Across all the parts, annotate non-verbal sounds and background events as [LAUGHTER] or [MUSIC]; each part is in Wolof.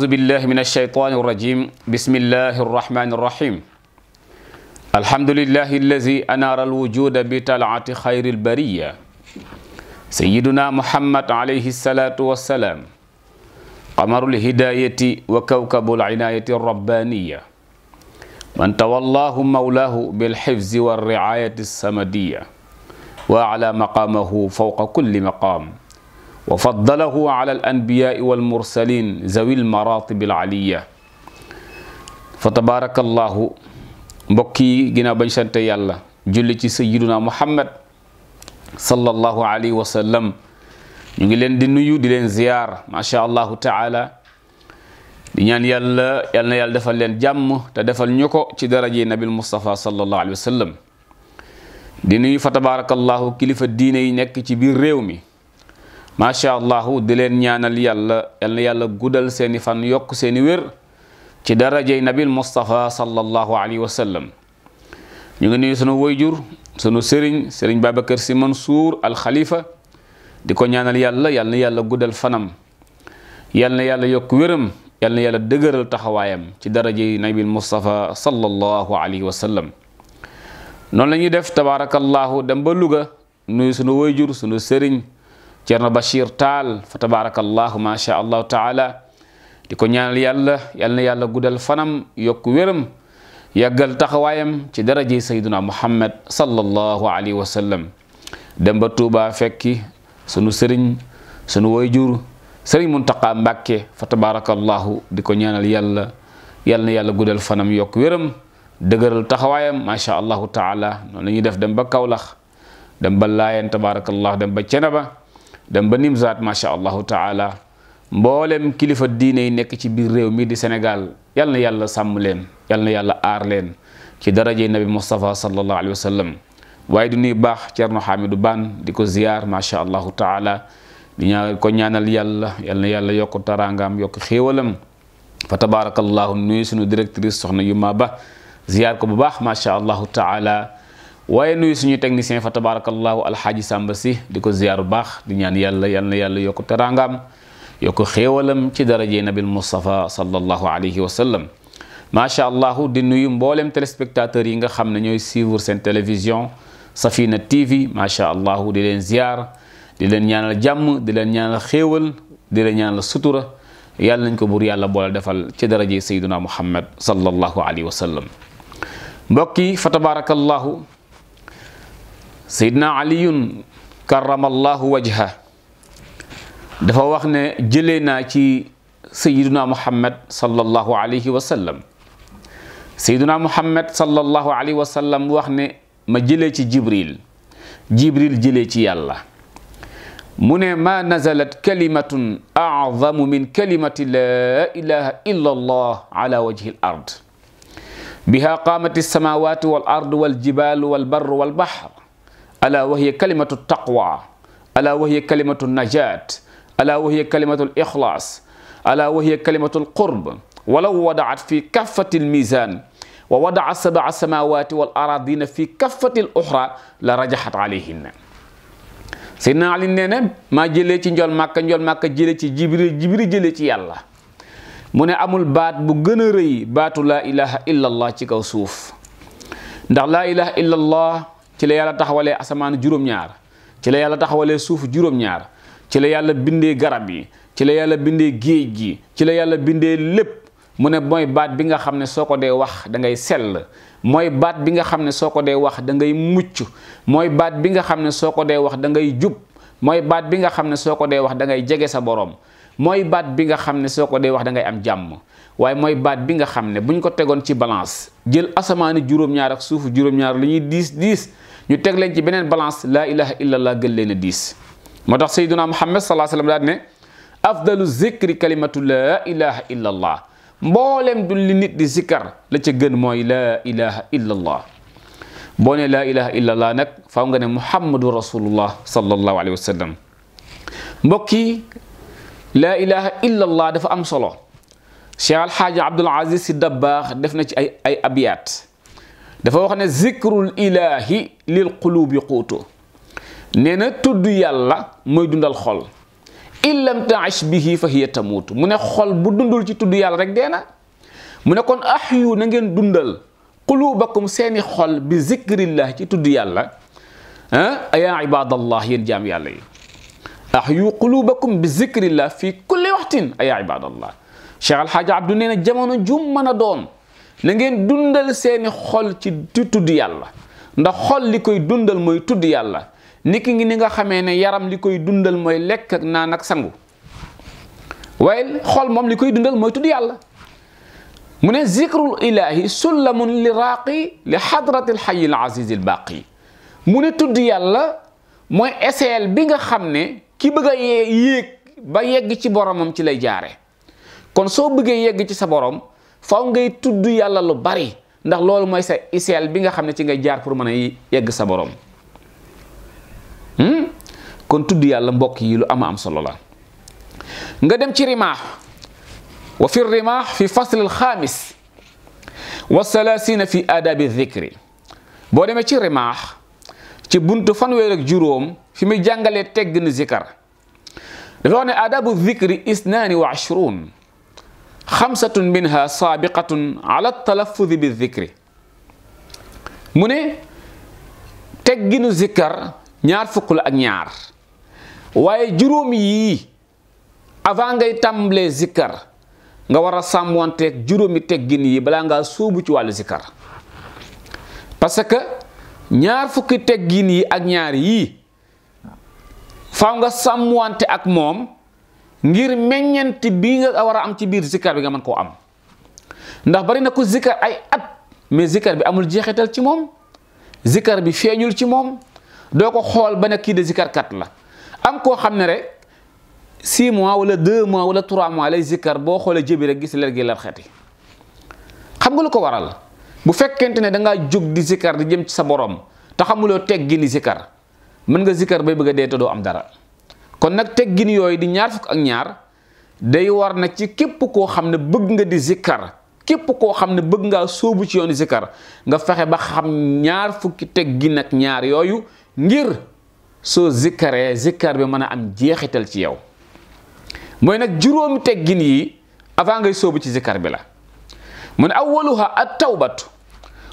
أعوذ بالله من الشيطان الرجيم بسم الله الرحمن الرحيم الحمد لله الذي أنار الوجود بطلعة خير البرية سيدنا محمد عليه الصلاة والسلام قمر الهداية وكوكب العناية الربانية من تولاه مولاه بالحفظ والرعاية السمدية وأعلى مقامه فوق كل مقام wa faddalahu ala al anbiyaai wal zawi al aliya fa tabaarakallahu mbokk yi ginnaaw bañ sante yàlla julli ci sayyiduna muhammad sallallahu alayhi wa sallam ñu ngi leen di nuyu di leen ziyaar macha allahu taala di ñaan yàlla yal defal leen jàmm te defal ñu ko ci daraje nabil mustafa sallallahu alayhi wa sallam di nuyu fa tabaarakallahu kilifa diine yi nekk ci biir réew mi macha allah di leen ñaanal yàlla yal na yàlla guddal seeni fan yokk seeni wér ci darajey nabil Moustapha sallallahu alayhi wa sallam ñu ngi nuyu sunu woyjur sunu sëriñ sëriñ Babacar Sy Mansour al Khalifa di ko ñaanal yàlla yal na yàlla guddal fanam yal na yàlla yokk wéram yal na yàlla dëgëral taxawaayam ci darajey nabil Moustapha sallallahu alayhi wa sallam noonu la ñuy def tabaarakallaahu dem ba Louga nuyu sunu woyjur sunu sëriñ. Ceerno Bachir Taal fa tabarakallahu ma sha allahu taala di ko ñaanal yàlla yal yàlla guddal fanam yokk wéram yàggal taxawaayam ci daraje sayduna muhammad sallallahu alayhi wa sallam ba Tuuba fekki sunu sëriñ sunu wayjur sëriñ Muntaqa Mbàkke fa tabarakallahu di ko ñaanal yàlla yal yàlla guddal fanam yokk wéram dëgëral taxawaayam ma sha allahu taala noonu la def dem ba Kawlax dem ba Laayeen tabarakallahu dem Cenaba dem ba Nimzaat macha allahu taala mboolem kilifa diine yi nekk ci biir réew mii di Sénégal yal na yàlla sàmm leen yal na yàlla aar leen ci daraje nabi Moustapha sallallahu alayhi wa sallam waaye du nuy baax Thierno Hamidou Bane di ko ziyaar macha allahu taala di ñaa ko ñaanal yàlla yal yàlla yokk tarangam yokk xéewalam fa tabaarakallahu nuyu sunu directrice soxna Yuma Ba ziyaar ko bu baax macha allahu taala waaye nuyu suñu technicien fa tabarakallahu alxaaji sàmba si di ko ziyaar bu baax di ñaan yàlla yal na yàlla yokk teraangaam yokk xéewalam ci daraje nabil mustafa sallallahu alayhi wa sallam macha allah di nuyu mboolem téléspectateurs yi nga xam ne ñooy suivre seen télévision Safina TV macha allah di leen ziyaar di leen ñaanal jàmm di leen ñaanal xéewal di leen sutura yàlla nañ ko buur yàlla boole defal ci daraje sayduna muhammad sallallahu alayhi wa sallam mbokk yi fa tabarakallahu سيدنا علي كرم الله وجهه دفا واخنا جلينا سي سيدنا محمد صلى الله عليه وسلم سيدنا محمد صلى الله عليه وسلم واخنا ما جيلي جبريل جبريل جيلي سي الله من ما نزلت كلمه اعظم من كلمه لا اله الا الله على وجه الارض بها قامت السماوات والارض والجبال والبر والبحر ألا وهي كلمة التقوى ألا وهي كلمة النجاة ألا وهي كلمة الإخلاص ألا وهي كلمة القرب ولو وضعت في كفة الميزان ووضع سبع سماوات والأراضين في كفة الأخرى لرجحت عليهن سيدنا علي نينا ما جيلي تي نجول مكة نجول مكة جيلي تي جبريل جبريل جيلي تي يالله mu ne amul baat bu gën a rëy baatu laa ilaha illallah ci kaw suuf ndax laa ilaha ci la yalla taxawale asaman jurum ñaar ci la yalla taxawale suuf jurum ñaar ci la yalla bindé garab yi ci la yalla bindé geej gi ci la yalla bindé lepp mune ne baat bi nga xamné soko dé wax da ngay sel moy baat bi nga xamné ne dé wax da ngay mucc moy baat bi nga xamné ne dé wax da ngay jup moy baat bi nga xamné ne dé wax da ngay jégé sa borom moy baat bi nga xamné ne dé wax da ngay am jamm waye moy baat bi nga xamné buñ ko tegoon ci balance jël asamaani juróom-ñaar ak suufu juróom-ñaar lu dis ñu teg leen ci benen balance la ilaha illallah gën leen a diis moo tax sayyiduna muhammad salaa sallam daal ne afdalu zikri kalimatu la ilaha illallah mboolem du li nit di zikkar la ci gën moy la ilaha illallah boo ne laa ilaha illallah nak faaw nga ne muhammadu rasulullah sallallahu alayhi wasallam mbokki la yi laa ilaha illallah dafa am solo cheikh alxaaji abdul aziz si dabbaax def na ci ay ay abiyaat dafa wax ne zikrul ilaahi lil qulubi quutu nee na tudd yàlla mooy dundal xol illam taish bihi fa hiya mu ne xol bu dundul ci tudd yàlla rek dee na mu ne kon ahyu na ngeen dundal qulubakum seeni xol bi zikrillah ci tudd yàlla ah yaa ibadallah yéen jaam yàlla yi ahyu qulubakum bi zikrillah fii kulli waxtin yaa ibadallah Cheikh Alxaaja Abdu nee na jamono jum mën a doon na ngeen dundal seeni xol ci di tudd yàlla ndax xol li koy dundal mooy tudd yàlla ki ngi ni nga xamee ne yaram li koy dundal mooy lekk ak naan ak sangu waaye xol moom li koy dundal mooy tudd yàlla mu ne zikrul ilahi sullamun li raaqi li xadratil xayil azizil mu ne tudd yàlla mooy eseel bi nga xam ne ki bëgg a yéeg ba yegg ci boromam ci lay jaare kon soo bëggee yegg ci sa borom faw ngay tudd yàlla lu bari ndax loolu mooy sa iseel bi nga xam ne ci ngay jaar pour mën a yegg sa borom hmm? kon tudd yàlla mbokk yi lu ama am solo la nga dem ci rimaax wa fi rimaax fi fasl al xaamis wa salaasina fi aadabi dhikri boo demee ci rimaax ci buntu fanweer ak juróom fi muy jàngalee tegg ni zikar dafa wax ne aadabu dhikri isnaani wa ashruun xamsatun minha saabiqatun ala talaffuzi bi zikri mu ne tegginu zikkar ñaar fukk la ak ñaar waaye juróom yii avant ngay tàmbalee zikkar nga war a sàmmoonteeg juróomi teggin yi balaa ngaa sóobu ci wàllu zikkar parce que ñaar fukki teggin yi ak ñaar yii faaw nga sàmmoonte ak moom ngir meññent bi nga war a am ci biir zikkar bi nga mën koo am ndax bari na ko zikkar ay at mais zikkar bi amul jeexital ci moom zikkar bi feeñul ci moom doo ko xool ba ne kii de kat la am koo xam ne rek 6 mois wala 2 mois wala 3 mois lay zikkar boo xoolee jëbi rek gis leer gi leer xeeti xam nga lu ko waral bu fekkente ne da ngaa jóg di zikkar di jëm ci sa borom te xamuloo teg gi ni zikkar mën nga zikkar bay bëgg a dee te doo am dara. kon nag teggin yooyu di ñaar fukk ak ñaar day war na ci képp koo xam ne bëgg nga di zikkar képp koo xam ne bëgg ngaa sóobu ci yoonu zikkar nga fexe ba xam ñaar fukki teggin ak ñaar yooyu ngir soo zikkaree zikkar bi mën a am jeexital ci yow mooy nag juróomi teggin yi avant ngay sóobu ci zikkar bi la mu ne awaluha at tawbatu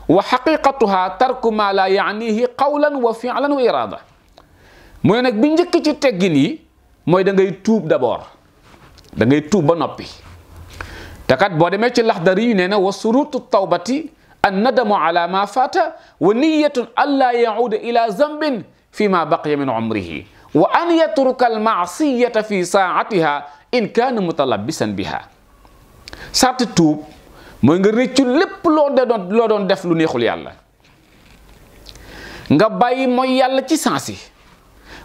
wa xaqiqatuha tarku ma la yaanihi qawlan wa fi'lan wa iraada mu ne nag bi njëkk ci teggin yi mooy da ngay tuub d'abord da ngay tuub ba noppi te kat boo demee ci laxdari yu nee na wa surutu tawbati an nadamu ala ma fata wa niyatun allaa yauda ila zambin fi ma baqiya min umrihi wa an yatruka al maasiyata fi saatiha in kaana mutalabisan biha sarti tuub mooy nga réccu lépp loo de doon loo doon def lu neexul yàlla nga bàyyi mooy yàlla ci sansi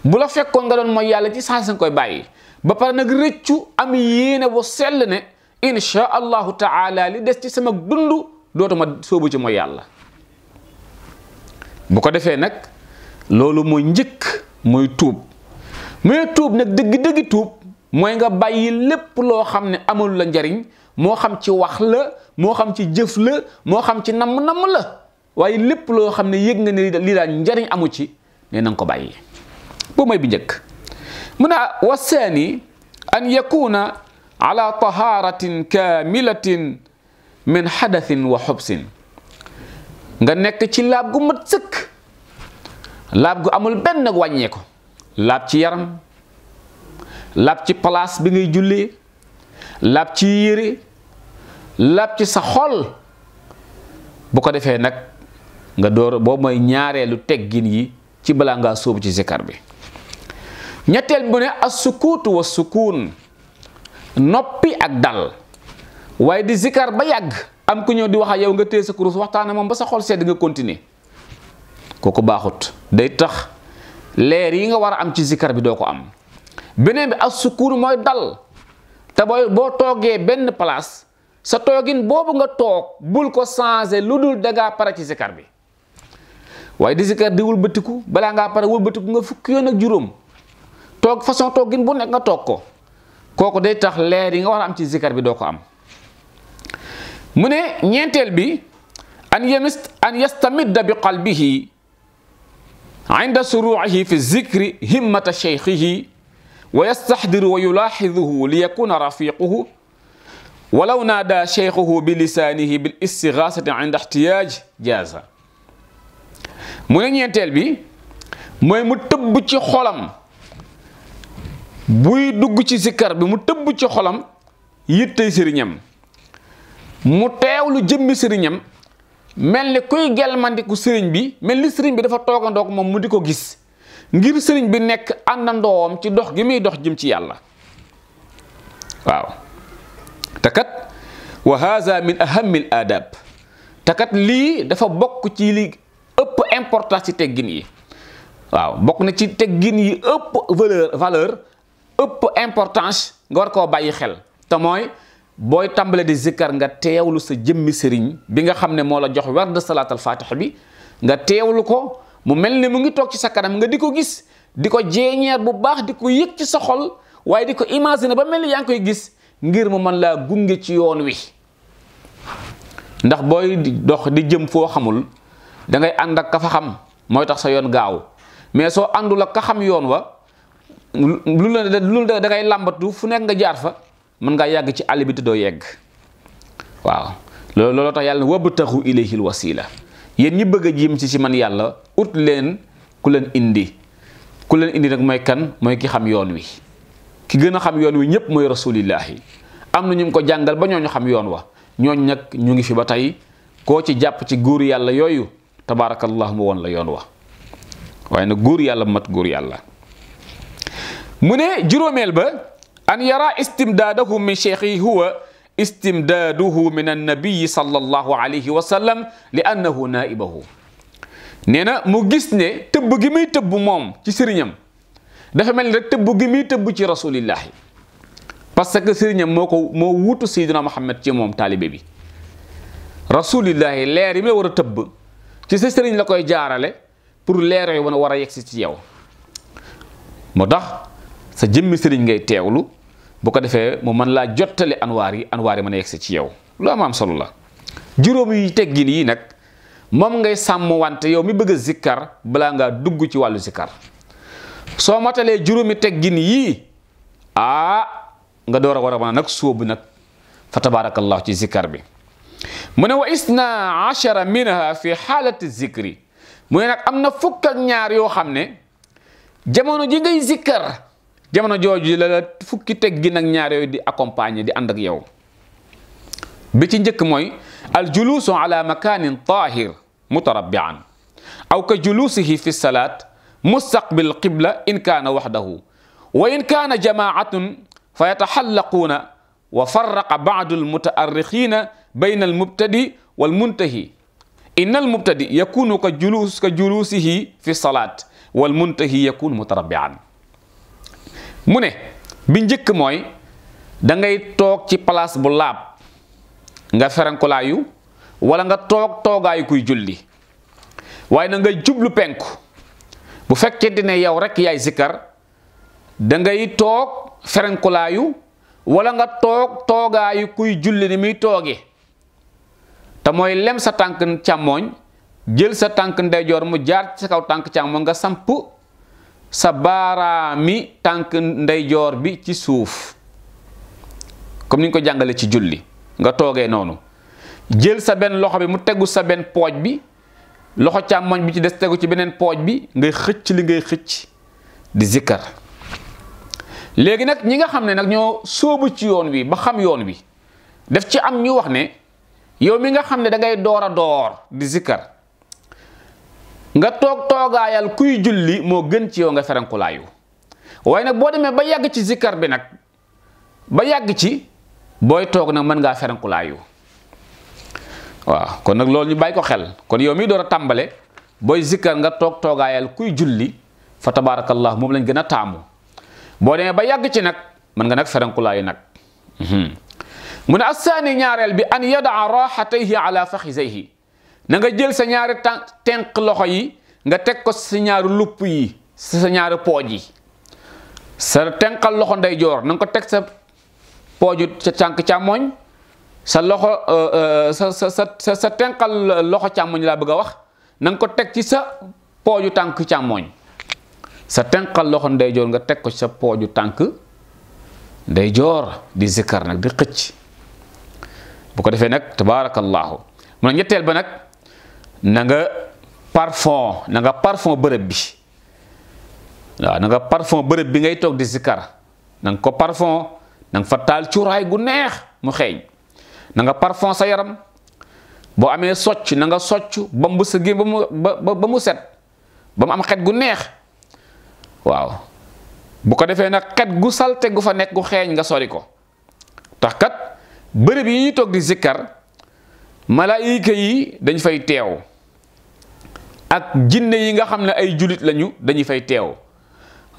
bu la fekkoon nga doon mooy yàlla ci saa si koy bàyyi ba pare nag rëccu am yéene bu sell ne insha allahu taala li des ci sama dund dootuma soobu ci mooy yàlla bu ko defee nag loolu mooy njëkk mooy tuub mooy tuub nag dëgg-dëgg tuub mooy nga bàyyi lépp loo xam ne amul la njariñ moo xam ci wax la moo xam ci jëf la moo xam ci namm-namm la waaye lépp loo xam ne yëg nga ne lii daal njariñ amu ci ne na ko bàyyi boo mooy bi njëkk mu ne wa saani an yakuna ala taharatin kamilatin min xadathin wa xubsin nga nekk ci laab gu mat sëkk laab gu amul benn wàññee ko laab ci yaram laab ci palaas bi ngay jullee laab ci yére laab ci sa xol bu ko defee nag nga door boo mooy ñaareelu teggiin yi ci bala nga soob ci zikar bi ñettel bu ne as-sukutu was sukun noppi ak dal waye di zikar ba yag am ku ñew di wax yow nga tey sa kurus waxtana mom ba sa xol sedd nga continuer koku baxut day tax leer yi nga war am ci zikar bi am benen bi as sukun moy dal ta boy bo toge ben place sa togin bobu nga tok bul ko changer daga para ci bi waaye di zikar di wëlbatiku balaa ngaa pare wëlbatiku nga fukk yon ak juróom tok façon toggin bu nek nga tok ko koku day tax leer yi nga wara am ci zikar bi doo ko am mune ñentel bi an yamist an yastamid bi qalbihi عند سروعه في الذكر همة شيخه ويستحضر ويلاحظه ليكون رفيقه ولو نادى شيخه بلسانه بالاستغاثة عند احتياج جازا moy ñentel bi moy mu teub ci xolam buy dugg ci sikkar bi mu teub ci xolam yittay serignam mu teewlu jëmmi sëriñam mel kuy gelmandiku serign bi melni serign bi dafa toogandoog mom mu di ko gis ngir serign bi nek andandoom ci dox gi mi dox jëm ci yalla waaw takat wa haza min ahammi al adab takat li dafa bok ci li ëpp importance ci teggin yi waaw bokk na ci teggin yi ëpp valeur ëpp importance nga war koo bàyyi xel te mooy booy tàmbale de zikkar nga teewlu sa jëmmi sëriñ bi nga xam ne moo la jox werd salaatal faatiha bi nga teewlu ko mu mel ni mu ngi toog ci sa kanam nga di ko gis di ko jeeñeer bu baax di ko yëg ci sa xol waaye di ko imaginer ba mel ni yaa ngi koy gis ngir mu mën laa gunge ci yoon wi ndax booy dox di jëm foo xamul da ngay and ak ka fa xam moy tax sa yoon gaaw mais so andul ak xam yoon wa lu la lu da ngay lambatu fu nek nga jaar fa man nga yag ci àll bi yegg waaw lolo tax ilayhi wasila yen ñi bëgg a jiim ci ci man yalla ut leen ku leen indi ku leen indi nak moy kan moy ki xam yoon wi ki gëna xam yoon wi ñepp moy rasulillahi am ñu ko jangal ba ñu xam yoon wa ñoo ñak ñu ngi fi ba tey ci japp ci guur yalla yoyu tabaarakallaahu mu woon la yoon wa waaye nag góor yàlla mat góor yàlla mu ne juróomeel ba an yara istimdaadahu min cheikhi huwa istimdaaduhu min annabiyi sallallahu alayhi wa sallam li annahu naaibahu nee na mu gis ne tëbb gi muy tëbb moom ci sëriñam dafa mel ni rek tëbb gi muy tëbb ci rasulillahi parce que sëriñam moo ko moo wutu sayyidina Muhammad ci moom taalibe bi rasulillahi leer yi mu la war a tëbb ci sa sëriñ la koy jaarale pour leero yi wana war a yegsi ci yow moo tax sa jëmmi sëriñ ngay teewlu bu ko defee mu man laa jottali anwaar yi anwaar yi mën a yegsi ci yow lu am am solo la juróom yi teggin nag moom ngay sàmm wante yow mi bëgg a zikkar balaa ngaa dugg ci wàllu zikkar soo matalee juróomi teggin yii ah nga door a war a mën a nag sóobu nag fa tabaarakallahu ci zikkar bi منو إثنا عشر منها في حالة الذكر منك أمنا فك النار يو خمنة جمانو جيجي ذكر جمانو جوجي لا فك تجينا النار يو دي أكمباني دي أندر يو بتجيك موي الجلوس على مكان طاهر متربعا أو كجلوسه في الصلاة مستقبل القبلة إن كان وحده وإن كان جماعة فيتحلقون wa farraqa ba'dul muta'arrikhina bainal mubtadi wal muntahi innal mubtadi yakunu ka julus ka julusihi fi salat wal muntahi yakun mutarabbi'an mune ne kemoi. Dengai tok da ngay toog ci place bu laab nga ferankulaayu wala nga toog toogaayu kuy julli waaye na jublu penku bu fekkee ne yow rek yaay zikkar da ngay toog ferankulaayu wala nga toog toogaayu kuy julli ni muy tooge te mooy lem sa tànk càmmooñ jël sa tànk ndeyjoor mu jaar ci sa kaw tànk càmmooñ nga samp sa baaraami tànk ndeyjoor bi ci suuf comme ni ñu ko jàngale ci julli nga toogee noonu jël sa benn loxo bi mu tegu sa benn pooj bi loxo càmmoñ bi ci des tegu ci beneen pooj bi ngay xëcc li ngay xëcc di zikkar léegi nak ñi nga hamne nak nag ñoo soobu ci yoon wi ba xam yoon wi def ci am ñu wax ne yow mi nga xam da ngay door door di zikkar nga toog toogaayal kuy julli mo gën ci yow nga ferankulaayu way nag bo demee ba yàgg ci zikkar bi nak ba yàgg ci booy toog nag mën ngaa ferankulaayu wa kon nag lool ñu bay ko xel kon yow mi door tambalé boy booy zikkar nga toog toogaayal kuy julli fa tabarakallah mom lañu gëna tamu boo demee ba yàgg ci nag mën nga nak. sarankulaay nag mhm. mu bi an yadaa raxatayhi ala faxisayhi na nga jël sa ñaari tenq loxo yi nga teg ko sa ñaari lupp yi sa ñaari pooj yi sa tenqal loxo nday joor na ko teg sa pooju sa tànk càmmoñ sa loxo sa sa sa sa loxo càmmoñ laa bëgg wax ko ci sa sa tenqal loxo ndeyjoor nga teg ko ci sa pooju tànk ndeyjoor di zikkar nag di xëcc bu ko defee nag tabarakallahu mu ne naga ba nag na nga parfum na nga parfum bërëb bi na nga parfum bërëb bi ngay toog di zikar nang ko parfum nang fatal curai guneh, cuuraay gu neex mu xeeñ na nga parfum sa yaram boo amee socc na nga socc ba mu set ba am xet gu neex Wow, bu ko defee nag kat gu salte gu fa nekk gu xeeñ nga sori ko tax kat bërëb yi ñuy toog di zikkar malaayika yi dañ fay teew ak jinne yi nga xam ne ay julit lañu dañuy fay teew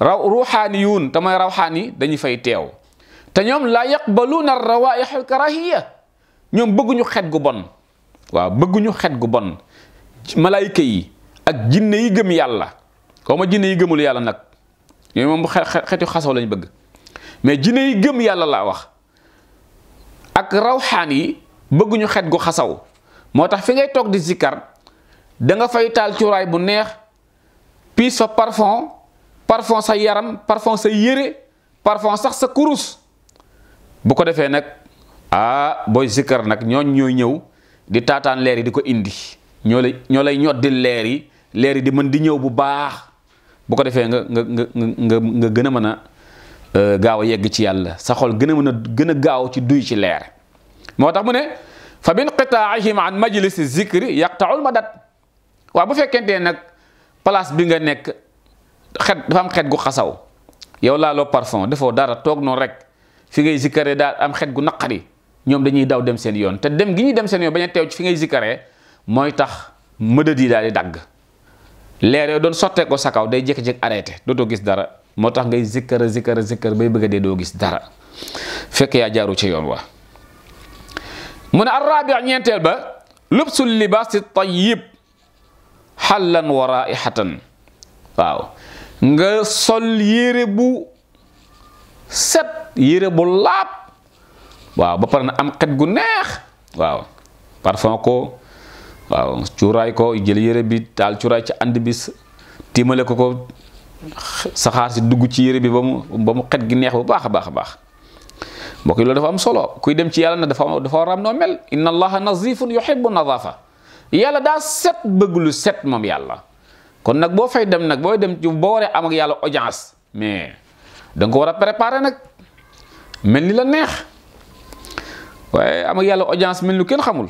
raw ruuxaani yuun te mooy rawxaani dañuy fay teew te ñoom laa yaqbaluuna rawaixul karahiya ñoom bëgguñu xet gu bon waaw bëgguñu xet gu bon malaayika yi ak jinne yi gëm yàlla xaw ma jinne yi gëmul yàlla nag ñoom moom xetu xasaw lañ bëgg mais jinne yi gëm yalla la wax ak rawhani bëggu ñu xet gu xasaw motax fi ngay tok di zikkar da nga fay taal cuuraay bu neex piis fa parfum parfum sa yaram parfum sa yéré parfum sax sa kurus bu ko défé nak ah boy zikkar nak ñooñ ñoy ñew di taataan lèr yi diko indi ñolay ñolay nyot di leri, leri yi lèr yi di mën di ñew bu baax bu ko defee nga nga nga nga nga gën a mën a euh, gaaw a yegg ci yàlla sa xol gën a mën a gën a gaaw ci duy ci leer moo tax mu ne fa bin qitaahim an majlisi zikri yaqtaul madat waaw bu fekkentee nag place bi nga nekk xet dafa am xet gu xasaw yow laaloo parfum defoo dara toog noonu rek fi ngay zikkaree daal am xet gu naqari ñoom dañuy daw dem seen yoon te dem gi ñuy dem seen yoon bañ teew ci fi ngay zikkaree mooy tax mëdët yi daal di dagg leer yooyu doon sottee ko sa kaw day jékki-jékki arrêté dootoo gis dara moo tax ngay zikkara zikkara zikkar bay bëgg a dee doo gis dara fekk yaa jaaru ci yoon wa mu ne arraabi ñeenteel ba lubsul libaasi tayyib xallan wa raihatan waaw nga sol yére bu set yére bu laab waaw ba pare na am xet gu neex waaw parfum ko waaw cuuraay ko jël yére bi taal cuuraay ci ànd bi tiimale ko ko saxaar si dugg ci yére bi ba mu ba mu xet gi neex bu baax a baax a baax mbokk yi loolu dafa am solo kuy dem ci yàlla na dafa dafa war am noo mel inna allaha nazifun yuhibbu nazafa yàlla daa set bëgg set moom yàlla kon nag boo fay dem nag booy dem ci boo waree am ak yàlla audience mais da ko war a préparer nag mel ni la neex waaye am ak yàlla audience mel ni kenn xamul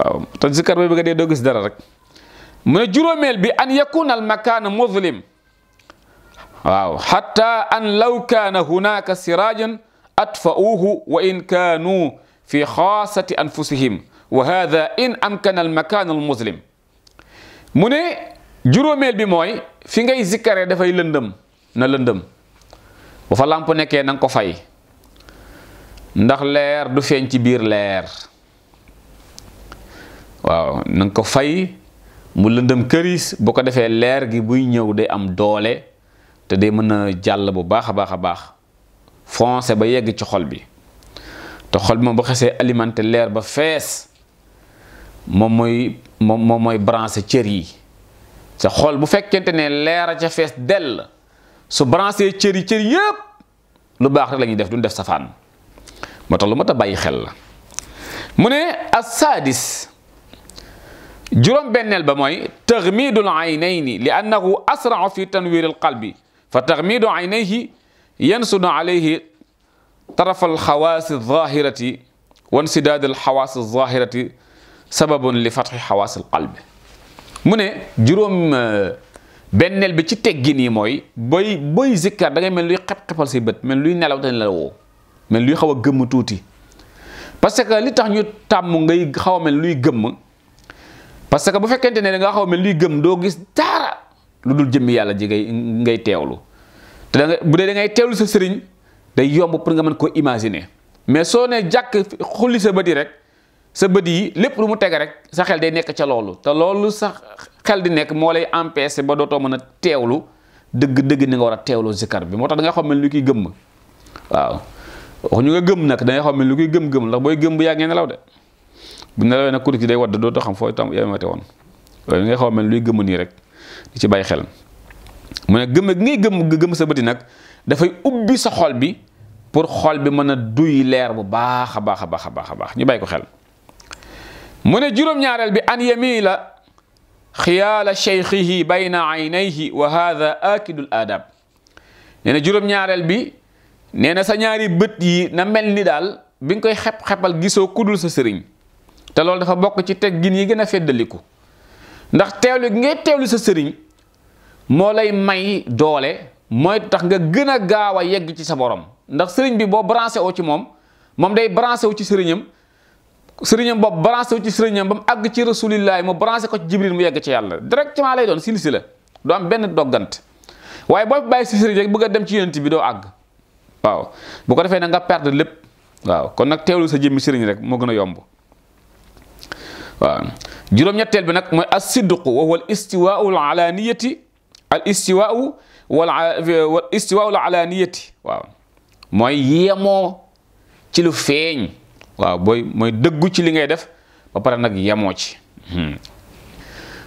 waaw te zikkar ba bëgg dee doo gis dara rek mu ne juróomeel bi an yakuna al makaan muzlim waaw an law kaana hunaka sirajan atfa'uuhu wa in kaanuu fi xaasati anfusihim wa hada in amkana al makaan al ne juróomeel bi mooy fi ngay zikkaree dafay lëndëm na lëndëm bu fa làmp nekkee ko fay ndax leer du feeñ ci biir leer waaw na nga ko fay mu lëndëm këris boo ko defee leer gi buy ñëw day am doole te day mën a jàll bu baax a baax a baax foncé ba yegg ci xol bi te xol bi moom bu xesee alimenté leer ba fees moom mooy moom moom mooy branché cër yi sa xol bu fekkente ne leer a ca fees dell su branché cër yi cër yëpp lu baax rek la def duñ def safaan moo tax lu mat a bàyyi xel la mu ne as saadis جرم بن ba تغميد العينين لأنه أسرع في تنوير القلب فتغميد عينيه ينسد عليه طرف الحواس الظاهرة وانسداد الحواس الظاهرة سبب لفتح حواس القلب من جروم بنل آه، بي تي موي بوي بوي ذكر داغي مل لوي خب خبال سي من مل لوي نلاو تن لاو من لوي خاوا گم توتي parce que li tax ñu tam ngay xaw mel luy gëm parce que bu fekkante ne nga xawme mel luy gëm do gis dara luddul jëm yalla ji ngay ngay tewlu te da nga bu de ngay tewlu sa serigne day yomb pour nga man ko imaginer mais so ne jak xulli sa bët rek sa bët lepp lu mu tege rek sa xel day nekk ca lolu te lolu sa xel di nekk moo lay empêcher ba doto meuna tewlu deug deug ni nga wara tewlu zikar bi motax da nga xam lu ki gëm waaw nga gëm nak da nga lu ki gëm-gëm la boy gëm bu law de bu nelawee nag kuréel gi day wadd dootoo xam foo tam yemate woon waaye ngay xaw a mel luy gëmm nii rek di ci bàyyi xel mu ne gëmm gi ngay gëmm sa bëti nag dafay ubbi sa xol bi pour xol bi mën a duy leer bu baax a baax a baax a baax a baax ñu bàyyi ko xel mu ne juróom-ñaareel bi an yami la xiyaala cheikhihi bayna aynayhi wa hada akidul adab nee na juróom-ñaareel bi nee na sa ñaari bët yi na mel ni daal bi nga koy xep-xepal gisoo kudul sa sëriñ te loolu dafa bokk ci gin yi gën a feddaliku ndax teewlu gi ngay teewlu sa sëriñ moo lay may doole mooy tax nga gën a gaaw a yegg ci sa borom ndax sëriñ bi boo branché woo ci moom moom day branché wu ci sëriñam sëriñam boobu branché wu ci sëriñam ba mu àgg ci rasulillahi mu branché ko ci jibril mu yegg ci yàlla directement lay doon silsila du am benn doggant waaye boo bàyyi si sëriñ rek bëgg a dem ci yonent bi doo àgg waaw bu ko defee na nga perdre lépp waaw kon nag teewlu sa jëmmi sëriñ rek moo gën a yomb waaw juróom ñetteel bi nag mooy as-sidq wa huwa al-istiwaa'u al-alaaniyati al-istiwaa'u wal istiwaa'u al-alaaniyati waaw mooy yemoo ci lu feeñ waaw booy mooy dëggu ci li ngay def ba pare nag yemoo ci hmm.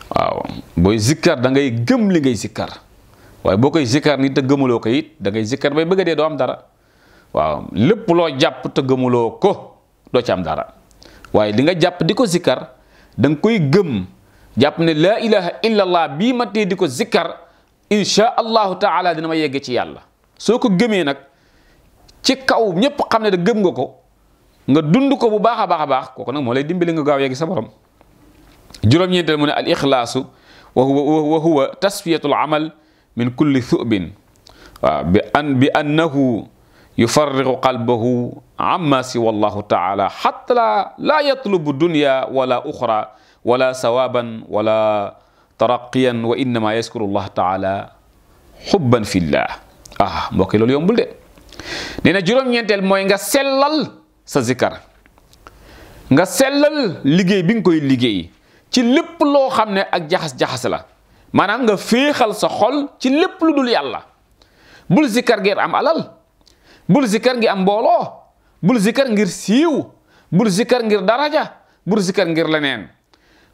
waaw boy zikkar da ngay gëm li ngay zikkar waaye boo zikkar ni te gëmuloo ko it da ngay zikkar bay bëgg a am dara waaw lépp loo jàpp te gëmuloo ko doo ci am dara li nga di ko zikkar dang koy gem japp ne la ilaha illallah bi mate diko zikkar insha allah taala dina ma yegg ci yalla soko geme nak ci kaw ñepp xamne da gem nga ko nga dund ko bu baakha baakha baax koko nak mo lay dimbali nga gaaw yegg sa borom jurom ñentel mo ne al ikhlas wa huwa wa huwa tasfiyatul amal min kulli thubin wa ah, bi an bi annahu يفرغ قلبه عما سوى الله تعالى حتى لا يطلب دنيا ولا أخرى ولا ثوابا ولا ترقيا وإنما يذكر الله تعالى حبا في الله آه موكي اليوم بلد نينا جروم ينتل موي نغا سلل سذكر نغا سلل لغي بينكوي لغي تي لب لو خمنا اك جحس جحس لا مانا نغا فيخل سخول تي لب لدول يالله بول ذكر غير عم bul zikar ngir ambolo, bul berzikir ngir bul zikar ngir daraja, berzikir ngir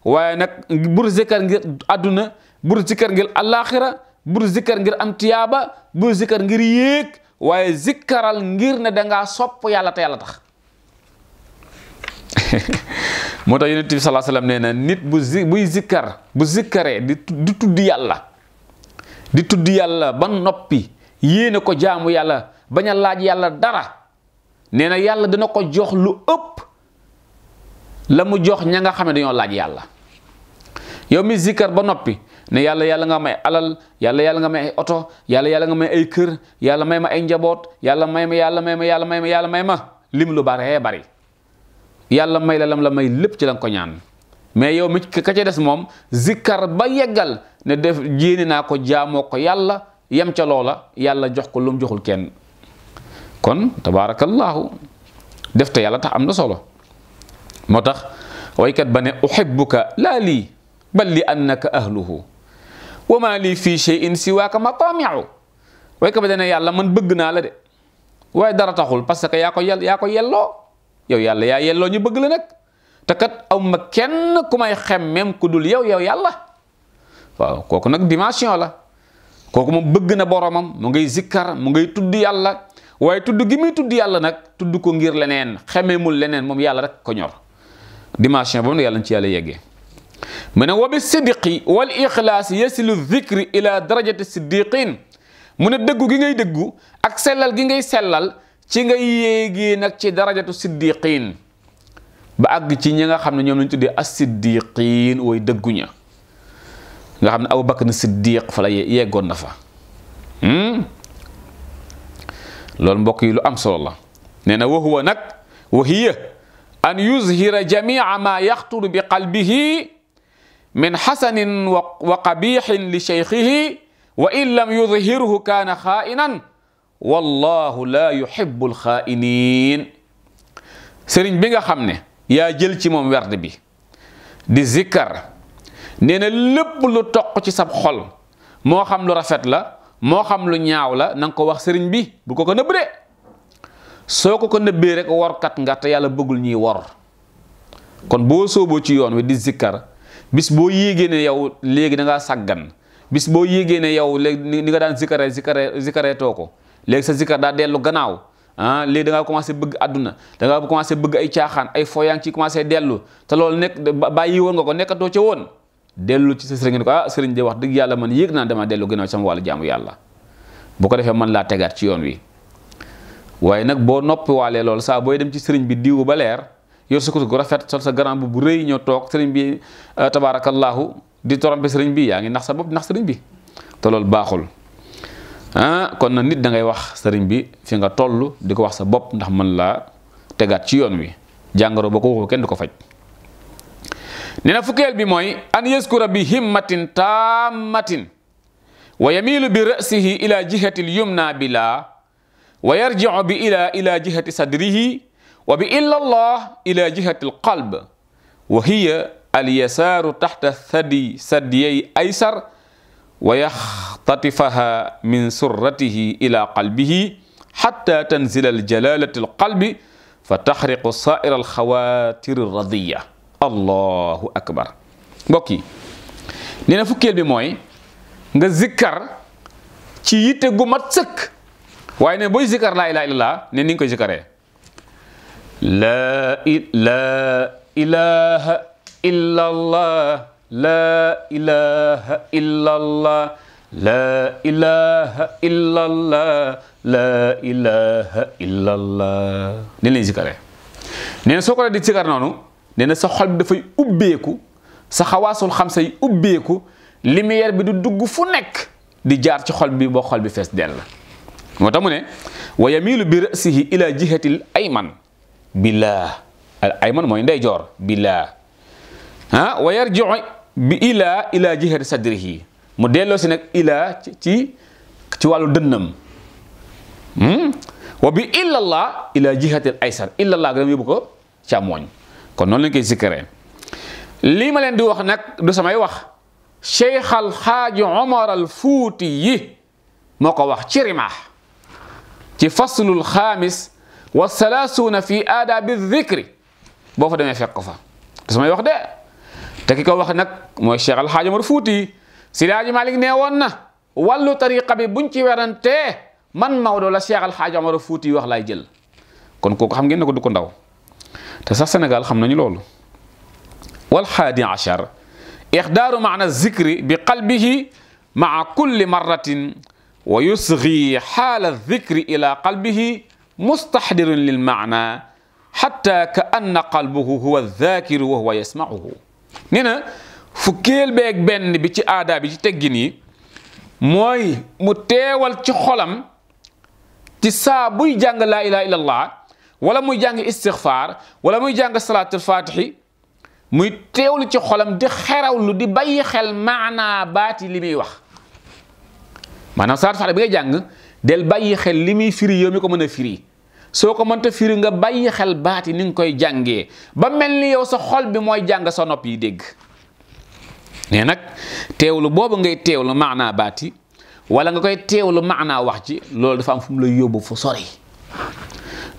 waye nak bul berzikir ngir aduna berzikir ngir bul zikar ngir am bul zikar ngir yek waye zikkaral ngir ne da nga sop yalla ta yalla tax [LAUGHS] mota yunus sallallahu alaihi wasallam neena nit bu zikar bu zikare di tuddi yalla di tuddi yalla ban noppi yéene ko jaamu yàlla bañ laaj yàlla dara nee na yàlla dana ko jox lu ëpp la mu jox ña nga xam ne dañoo laaj yàlla yow mi zikkar ba noppi ne yàlla yàlla nga may alal yàlla yàlla nga may ay oto yàlla yàlla nga may ay kër yàlla may ma ay njaboot yàlla may ma yàlla may ma yàlla may ma yàlla may ma lim lu bare bari yàlla may la lam la may lépp ci la nga ko ñaan mais yow mi ka ca des moom zikkar ba yeggal ne def jéene naa ko jaamoo ko yàlla yem ca loola yàlla jox ko lu mu joxul kenn kon tabaarakallaahu def te yàlla tax am na solo moo tax waykat ba ne uhibbuka laa lii bal li annaka ahluhu wa maa lii fii shay'in siwaaka mataamiu waykat ba dana yàlla man bëgg naa la de waaye dara taxul parce que yaa ko yel yaa ko yelloo yow yàlla yaa yelloo ñu bëgg la nag te kat aw ma kenn ku may xemmem ku dul yow yow yàlla waaw kooku nag dimension la koku mo bëgg na boromam mo ngay zikkar mo ngay tudd yalla waye tudd gi mi tudd yalla nak tudd ko ngir leneen xemeemul leneen mom yalla rek ko ñor dimension boobu yalla ci yalla yegge mena wa bis wal ikhlas yasilu zikri ila darajati sidiqin mune deggu gi ngay deggu ak selal gi ngay selal ci ngay yegge nak ci darajatu sidiqin ba ag ci ñinga xamne ñom lañ as siddiqin way nga xamne abou Bakr Siddiq fa la yegon na fa hmm lol mbok yi lu am solo la neena wa huwa nak wa hiya an yuzhira jamia ma yaxturu bi qalbihi من حسن وقبيح لشيخه وإن لم يظهره كان خائنا والله لا يحب الخائنين la بيغا خامني يا bi nga xam ne yaa jël ci nee na lépp lu toq ci sab xol moo xam lu rafet la moo xam lu ñaaw la na nga ko wax sëriñ bi bu ko ko nëbb de soo ko ko nëbbee rek workat nga te yàlla bëggul ñuy wor kon boo sooboo ci yoon wi di zikkar bis boo yéegee ne yow léegi dangaa ngaa sàggan bis boo yéegee ne yow léegi ni nga daan zikkare zikkare zikkare too ko léegi sa zikkar daa dellu gannaaw ah léegi da ngaa bëgg àdduna da ngaa commencé bëgg ay caaxaan ay foyang ci commencé dellu te loolu nekk bàyyi woon nga ko nekkatoo ca woon dellu ci serigne ko ah serigne de wax deug yalla man yëg naa dama delu gëna sama wàllu jamu yalla bu ko defé man la tégat ci yoon wi waye nak bo nopi walé lol sa boy dem ci serigne bi diiw ba lèr yor sukku gu rafet sol sa grand bu bu reuy ñoo tok serigne bi ah, tabarakallah di bi serigne bi yaa nax sa bop nax serigne bi to lol baxul ah kon na nit da ngay wax serigne bi fi nga tollu diko wax sa bop ndax man la tégat ci yoon wi bako ko ken duko fajj nina fukel bi moy an yaskura bi himmatin tammatin wa yamilu bi ra'sihi ila jihati al-yumna bila wa yarji'u bi ila ila jihati sadrihi wa bi illa allah ila jihati al-qalb wa hiya اليسار تحت الثدي ثديي أيسر ويختطفها من سرته إلى قلبه حتى تنزل الجلالة القلب فتحرق سائر الخواتر الرضيه allahu akbar mbokk yi nee na fukkeel bi mooy nga zikkar ci yitte gu mat sëkk waaye ne booy zikkar laa ne ni nga koy zikkaree la ilaha illallah la ilaha illallah la ilaha illallah la ilaha illallah ni leen zikkaree nee noonu nee sa xol bi dafay ubbeeku sa xawaasul xam say ubbeeku lumière bi du dugg fu nekk di jaar ci xol bi boo xol bi fees dell moo tax mu ne wa yamilu bi rasihi ila jihatil ayman billah al ayman mooy ndeyjoor billah ah jihati sadrihi mu delloo si nag ila ci ci wàllu dënnam hmm? wa bi illallah ila jihatil aysar illallah gën a yóbbu ko càmmooñ kon non lañ koy sikkaree li ma len di wax nak du samay wax cheikh haj omar al Futi yi wax ci rima ci faslul khamis wa salasun fi ada dhikr bo fa demé fekk fa du samay wax de te kiko wax nak moy cheikh al omar umar futi siraj malik nee na walu tariqa bi buñ ci werantee man mawdo la cheikh al omar umar futi wax lay jël kon koku xam ngeen nako du ko ndaw te sax Sénégal xam nañu loolu wal xaadi achar ixdaaru maana zikri bi qalbihi maa kulli marratin wa yusgi xaala zikri ila qalbihi mustaxdirun lil maana xatta ka anna qalbuhu huwa zakiru wa huwa yasmacuhu nee na fukkeel beeg benn bi ci aadaa bi ci teggin yi mooy mu teewal ci xolam ci saa buy jàng laa ilaha illallah wala muy jàng istixfaar wala muy jàng salaatul faatixi muy teewlu ci xolam di xerawlu di bàyyi xel maanaa baati li muy wax maanaam salaatul faatixi bi ngay jàng del bàyyi xel li muy firi yow mi ko mën a firi soo ko mënta firi nga bàyyi xel baati ni nga koy jàngee ba mel ni yow sa xol bi mooy jàng sa nopp yi dégg ne nag teewlu boobu ngay teewlu maanaa baati wala nga koy teewlu maanaa wax ci loolu dafa am fu mu la yóbbu fu sori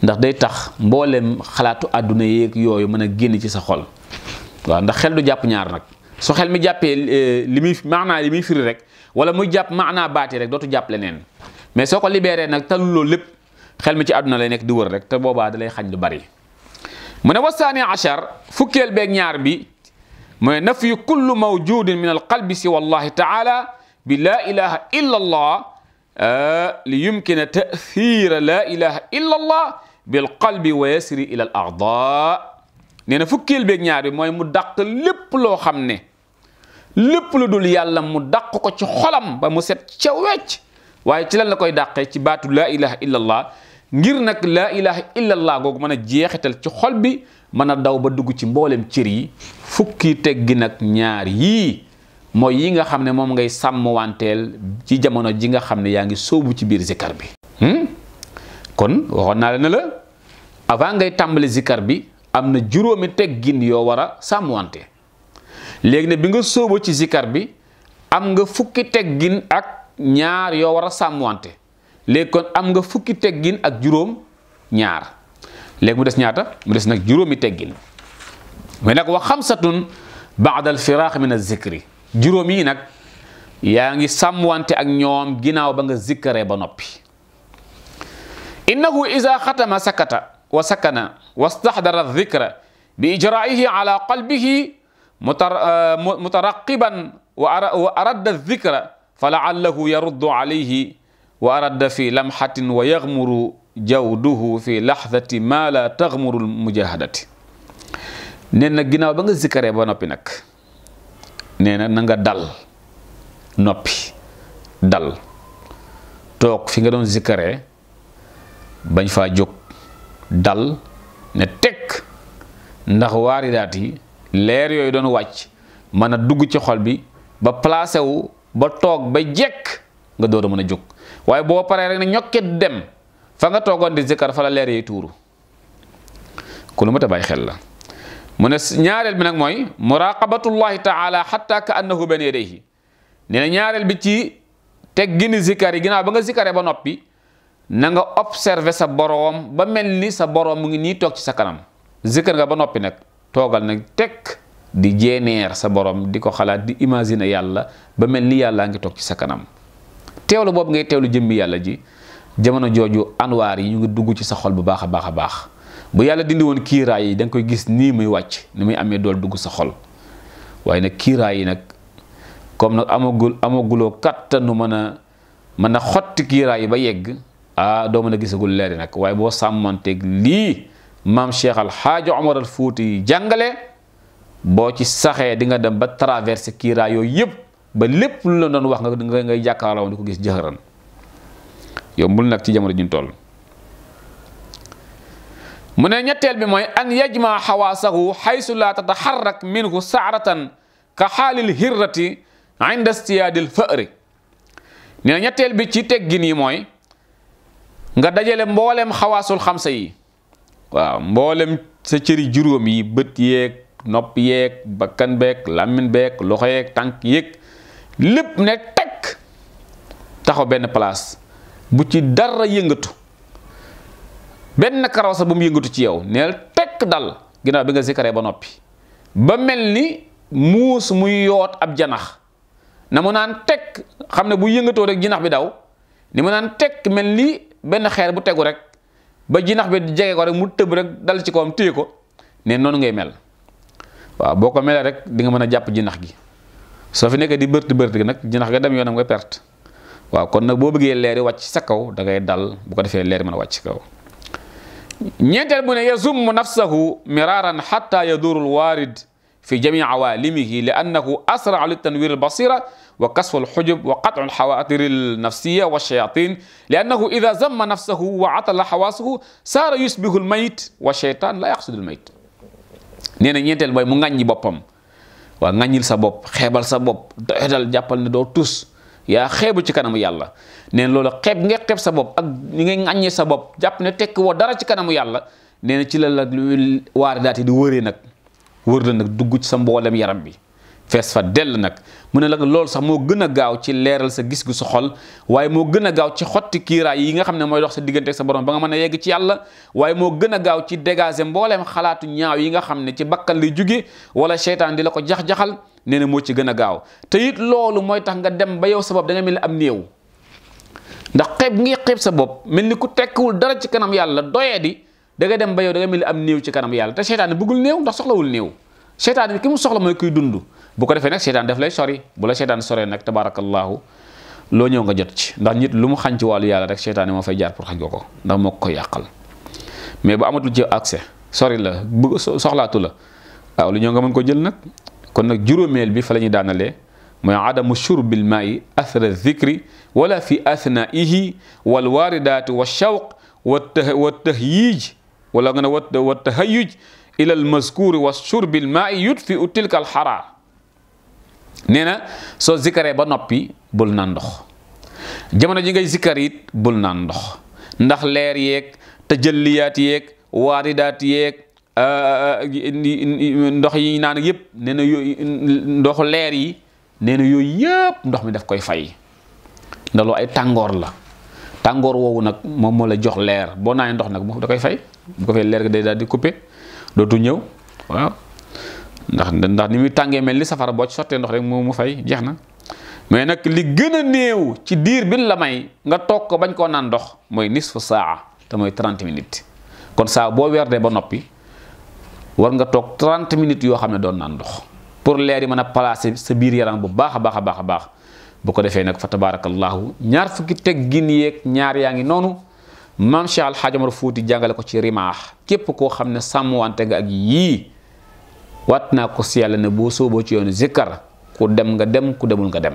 ndax day tax mboolem xalaatu àdduna yeeg yooyu mën a génn ci sa xol waaw ndax xel du jàpp ñaar nag su xel mi jàppee euh, li muy maanaa li muy firi rek wala mu jàpp maanaa baati rek dootu jàpp leneen mais soo ko libéré nag talu loolu lépp xel mi ci àdduna lay nekk di wër rek te boobaa dalay lay xañ lu bari. mu ne wasaani achar fukkeel beeg ñaar bi mooy nafyu kullu mawjudin min al qalbi si wallahi taala bi laa ilaha illa allah euh, li yumkina tathira laa ilaha bil qalbi wa yasri ila al a'dha neena fukkil bek ñaar bi moy mu dakk lepp lo xamne lepp lu dul yalla mu dakk ko ci xolam ba mu set ci wecc waye ci lan la koy dakk ci batu la ilaha illallah ngir nak la ilaha illallah gogu meuna jeexital ci xol bi meuna daw ba dugg ci mbollem ciir yi fukki teggi nak ñaar yi moy yi nga xamne mom ngay sam wantel ci jamono ji nga xamne yaangi sobu ci bir zikar bi hmm kon waxon na la avant ngay tàmbali zikar bi am na juróomi teggin yoo war a sàmmwante léegi ne bi nga sóobo ci zikar bi am nga fukki teggin ak ñaar yoo war a sàmmwante léegi kon am nga fukki teggin ak juróom ñaar léegi mu des ñaata mu des nag juróomi teggin mais nag wa xamsatun baadal firaax min azikri juróom yi nag yaa ngi sàmmwante ak ñoom ginnaaw ba nga zikkaree ba noppi innahu isa xatama sakata wa sakana wastahdara dhikra bi ijraihi ala qalbihi mutaraqiban wa aradda dhikra falaallahu yaruddu alayhi wa aradda fi lamhatin wa yaghmuru jawduhu fi lahdati ma la taghmuru almujahadati nee na ginnaaw ba nga zikkaree ba noppi nag nee na na nga dal noppi dal toog fi nga doon zikkaree bañ faa jóg dal ne teg ndax waaridaat yi leer yooyu doon wàcc mën a dugg ci xol bi ba placé wu ba toog ba jekk nga door a mën a jóg waaye boo paree rek ne ñokket dem fa nga toogoon di zikkar fa la leer yi tuuru ku lu ma ta bàyyi xel la mu ne ñaareel bi nag mooy muraqabatullahi taala xatta ka annahu bayna yadayhi nee na ñaareel bi ci teggini zikkar yi ginnaaw ba nga zikkaree ba noppi na nga observer sa boroom ba mel ni sa boroom mu ngi nii toog ci sa kanam zikar nga ba noppi nag toogal nag teg di jéeneer sa boroom di ko xalaat di imaginer yàlla ba mel ni yàllaa ngi toog ci sa kanam teewlu boobu ngay teewlu jëmmi yàlla ji jamono jooju anwaar yi ñu ngi dugg ci sa xol bu baax a baax a baax bu yàlla dindi woon kiiraay yi danga koy gis nii muy wàcc ni muy amee dool dugg sa xol waaye nag kiiraay yi nag comme nag amagul amaguloo kattanu mën a mën a xotti kiiraay yi ba yegg ah do meuna gisagul leer nak waaye bo sàmmanteeg li mam Cheikh Al Hadj Omar Al Fouti jangale bo ci saxé di nga dem ba traverser kira yooyu yeb ba lepp lu la doon wax nga ngay ko gis jeheran yombul nak ci jamono ñu toll. bi moy an yajma Hawasahu, haythu la tataharrak minhu saaratan ka halil hirrati inda istiyadil fa'ri ñettel bi ci teggini moy nga dajale mbollem khawasul khamsa yi wa mbollem sa ciri jurom yi beut yek nop yek bakkan bek lamin bek loxe yek tank yek lepp ne tek taxo ben place bu ci dara ben bu mu ci yow neel tek dal gina bi nga zikare ba nopi ba melni mus muus muy yoot ab janax namu nan tek xamne bu rek jinax bi daw ni mu nan tek melni benn xeer bu tegu rek ba jinax bi jege ko rek mu tëb rek dal ci kawam téye ko ne noonu ngay mel waaw boo ko melee rek di nga mën a jàpp jinax gi soo fi nekkee di bërt bërt gi nag jinax ga dem yoonam nga perte waaw kon nag boo bëggee leeri wàcc sa kaw da ngay dal bu ko defee leeri mën a wàcc kaw ñeenteel bu ne yazummu nafsahu miraran xatta yadurul waarid في جميع عوالمه لأنه أسرع للتنوير البصيرة وكسف الحجب وقطع الحواتر النفسية والشياطين لأنه إذا زم نفسه وعطل حواسه صار يشبه الميت والشيطان لا يقصد الميت nee na ñeenteel mooy mu ŋàññi boppam waa ŋàññil sa bopp xeebal sa bopp doyadal jàppal ne doo tus yaa xeebu ci kanamu yàlla nee na loolu xeeb nga xeeb sa bopp ak ñi ngay ŋàññee sa bopp jàpp ne tekk woo dara ci kanamu yàlla nee na ci la la waar daati di wëree nag wër la nag dugg ci sa mbooleem yaram bi fees fa dell nag mu ne la lool sax moo gën a gaaw ci leeral sa gis gu sa xol waaye moo gën a gaaw ci xotti kiiraay yi nga xam ne mooy dox sa diggante ak sa borom ba nga mën a yegg ci yàlla waaye moo gën a gaaw ci dégager mbooleem xalaatu ñaaw yi nga xam ne ci bakkan lay jóge wala seytaan di la ko jax-jaxal nee na moo ci gën a gaaw te it loolu mooy tax nga dem ba yow sa bopp da nga mel ni am néew ndax xeeb ngi xeeb sa bopp mel ni ku tekkiwul dara ci kanam yàlla doyee di da nga dem ba yow da nga mel ni ci kanam yàlla te seytaane bëggul néew ndax soxlawul néew seytaane ki mu soxla mooy kuy dund bu ko defee nag seytaane daf lay sori bu la seytaane soree nag tabaarakallaahu loo ñëw nga jot ndax nit lu mu xañ ci wàllu yàlla rek seytaane moo fay jaar pour xañ ko ko ndax moo ko koy mais bu amatul ci accès sori la bëgg soxlaatu la waaw lu ñëw nga mën ko jël nag kon nag juróomeel bi fa la ñuy daanalee mooy adamu shurbil maa'i athra zikri wala fi athnaihi wal waaridaatu wa shawq wa tahyiij wala nga ne wat wat tahayuj ila al mazkur wa shurbil ma'i yudfi'u tilka al hara nee na soo zikkaree ba noppi bul naan ndox jamono ji ngay zikkar it bul naan ndox ndax leer yeeg tajalliyaat yeeg waaridaat yeeg euh, euh, euh, ndox yi naan yëpp nee na yooyu ndox leer yi nee na yooyu yëpp ndox mi daf koy fay ndax ay tàngoor la tangor wowo nak mom mo la jox leer bo ndox nak da koy fay bu ko fay leer day dal di couper tu ñew waaw ndax ndax ni mi tangé mel li safara bo ci soté ndox rek mo mu fay jeexna mais nak li gëna neew ci dir bin la may nga tok ko bañ ko nan ndox moy nisfu saa te moy 30 minutes kon sa bo werde ba nopi war nga tok 30 minutes yo xamné do nan ndox pour leer yi mëna placer sa bir yaram bu baaxa baaxa baaxa baaxa bu ko defee nag fa tabaarakallaahu ñaar fukki teggin yeeg ñaar yaa ngi noonu maam Cheikh Al Hadj jàngale ko ci rimaax képp koo xam ne sàmmwante nga ak yii waat naa ko si yàlla ne boo sooboo ci yoonu zikkar ku dem nga dem ku demul nga dem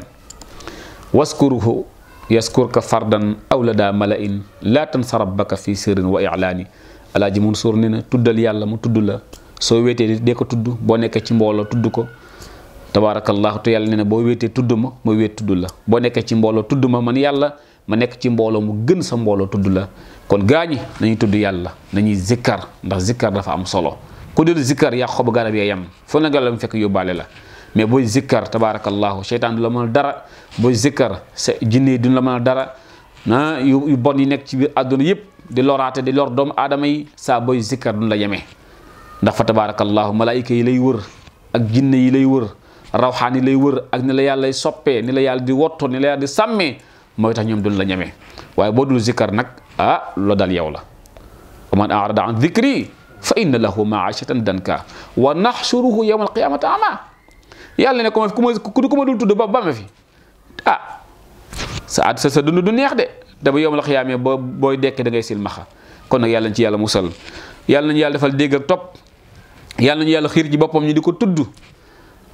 waskuruhu yaskurka fardan aw la daa mala in laa tansa rabbaka fi sirrin wa ilaani alaaji Mansour nee na tuddal yàlla mu tudd la soo wetee de ko tudd boo nekkee ci mbooloo tudd ko tabaarakallaahu te yàlla ne ne boo wéetee tudd ma ma wéet tudd la boo nekkee ci mbooloo tudd ma man yàlla ma nekk ci mbooloo mu gën sa mbooloo tudd la kon gaañi nañuy tudd yàlla nañuy zikkar ndax zikkar dafa am solo ku dul zikkar yaa xobu garab yee am fu mu fekk yóbbaale la mais booy zikkar tabaarakallaahu seytaan du la mën dara booy zikkar sa jinne du la mën dara na yu bon yi nekk ci biir àdduna yëpp di loraate di lor doomu aadama yi saa booy zikkar duñ la yemee ndax fa tabaarakallaahu malaayika yi lay wër ak jinne yi lay wër rawhani lay wër ak ni la yàlla soppé ni la yalla di woto ni la yalla di sàmmee moy tax ñom duñ la ñamé waye bo dul zikkar nak ah lo dal yaw la man arada an dhikri fa inna lahu maashatan danka wa yawm al-qiyamati ama yalla ne ko ma ku kudu ma dul tuddu ba ba ma fi ah sa at sa sa dund du neex de dama yawm al-qiyamé boy dekk da ngay maxa kon nak yalla ci yalla musal yalla ñu yalla defal dégg ak topp yàlla nañu yàlla ji bopam ñu diko tuddu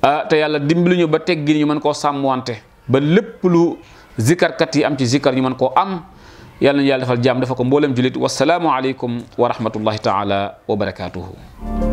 Ah, te yàlla dimbali ñu ba teggi ñu mën koo sàmmwante ba lépp lu zikarkat yi am ci zikar ñu mën koo am yàlla ñu yàlla defal jàmm dafa ko mboolem julit wasalaamu aleykum wa rahmatullahi taala wa barakaatuhu